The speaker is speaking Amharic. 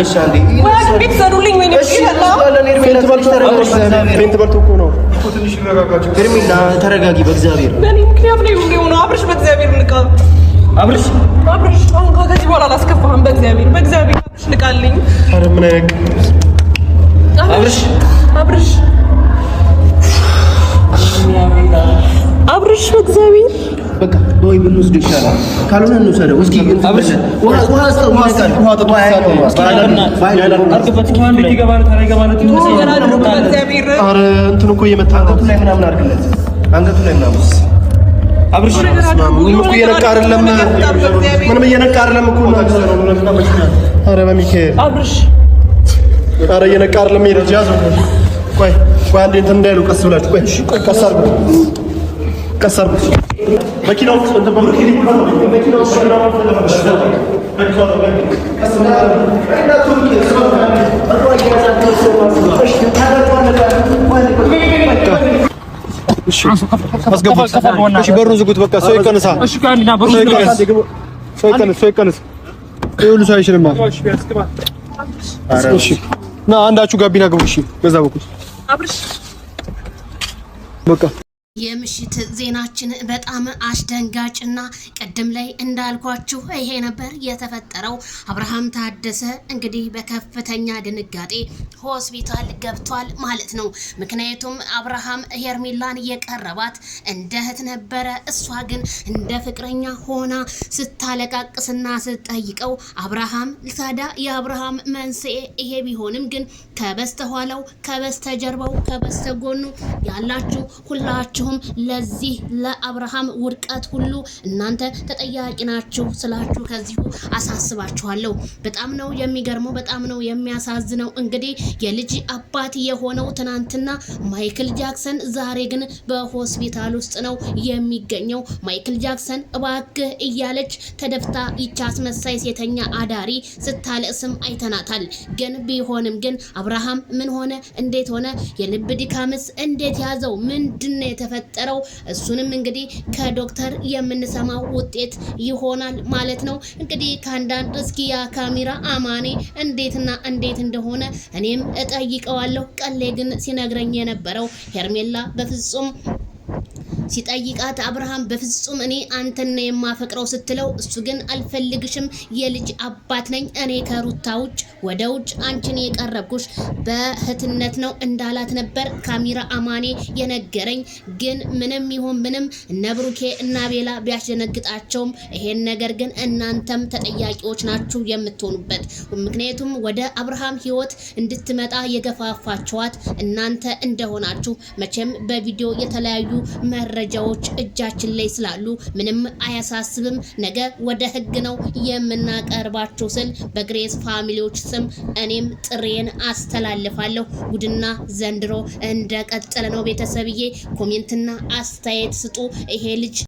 ተረጋጊ። በእግዚአብሔር አብርሽ፣ በእግዚአብሔር ንቃ። አብርሽ ወይ ብንወስድ ይሻላል። ካልሆነ እንውሰደው እስኪ እንትን እኮ እየመጣ አንገቱ ላይ ምናምን አድርግለት፣ አንገቱ ላይ ምናምን አብርሽ ምንም እየነቃ አይደለም። ምንም እየነቃ አይደለም እኮ ኧረ በሚካኤል አብርሽ፣ ኧረ እየነቃ አይደለም። ቆይ ቆይ አንዴ እንትን እንዳይሉ ቀስ ብላችሁ ቆይ፣ ቀስ አድርጉ Kasap. Makine ol. Makine ol. بس قبل ايش برنز قلت بكا سوي كنسه ايش كان لا برنز سوي كنس سوي كنس ይኸውልህ ሰው አይችልም ማለት። እሺ እና አንዳችሁ ጋቢና ግቡ። እሺ በዛ በኩል በቃ የምሽት ዜናችን በጣም አስደንጋጭ እና ቅድም ላይ እንዳልኳችሁ ይሄ ነበር የተፈጠረው። አብርሃም ታደሰ እንግዲህ በከፍተኛ ድንጋጤ ሆስፒታል ገብቷል ማለት ነው። ምክንያቱም አብርሃም ሄርሜላን የቀረባት እንደ እህት ነበረ። እሷ ግን እንደ ፍቅረኛ ሆና ስታለቃቅስና ስትጠይቀው አብርሃም ታዲያ የአብርሃም መንስኤ ይሄ ቢሆንም ግን ከበስተኋላው፣ ከበስተጀርባው፣ ከበስተጎኑ ያላችሁ ሁላችሁ ሁላችሁም ለዚህ ለአብርሃም ውድቀት ሁሉ እናንተ ተጠያቂ ናችሁ ስላችሁ ከዚሁ አሳስባችኋለሁ። በጣም ነው የሚገርመው፣ በጣም ነው የሚያሳዝነው። እንግዲህ የልጅ አባት የሆነው ትናንትና ማይክል ጃክሰን ዛሬ ግን በሆስፒታል ውስጥ ነው የሚገኘው። ማይክል ጃክሰን እባክህ እያለች ተደፍታ ይቻ አስመሳይ ሴተኛ አዳሪ ስታለቅስም አይተናታል። ግን ቢሆንም ግን አብርሃም ምን ሆነ? እንዴት ሆነ? የልብ ድካምስ እንዴት ያዘው? የተፈ የተፈጠረው። እሱንም እንግዲህ ከዶክተር የምንሰማው ውጤት ይሆናል ማለት ነው። እንግዲህ ከአንዳንድ እስኪ ያ ካሜራ አማኔ እንዴትና እንዴት እንደሆነ እኔም እጠይቀዋለሁ። ቀሌ ግን ሲነግረኝ የነበረው ሄርሜላ በፍጹም ሲጠይቃት አብርሃም በፍጹም እኔ አንተን የማፈቅረው ስትለው እሱ ግን አልፈልግሽም፣ የልጅ አባት ነኝ እኔ ከሩታ ውጭ ወደ ውጭ አንቺን የቀረብኩሽ በእህትነት ነው እንዳላት ነበር ካሜራ አማኔ የነገረኝ። ግን ምንም ይሁን ምንም እነ ብሩኬ እና ቤላ ቢያስደነግጣቸውም ይሄን ነገር ግን እናንተም ተጠያቂዎች ናችሁ የምትሆኑበት። ምክንያቱም ወደ አብርሃም ህይወት እንድትመጣ የገፋፋችኋት እናንተ እንደሆናችሁ መቼም በቪዲዮ የተለያዩ መረ መረጃዎች እጃችን ላይ ስላሉ ምንም አያሳስብም፣ ነገ ወደ ህግ ነው የምናቀርባቸው ስል በግሬስ ፋሚሊዎች ስም እኔም ጥሬን አስተላልፋለሁ። ጉድና ዘንድሮ እንደቀጠለ ነው ቤተሰብዬ። ኮሜንትና አስተያየት ስጡ። ይሄ ልጅ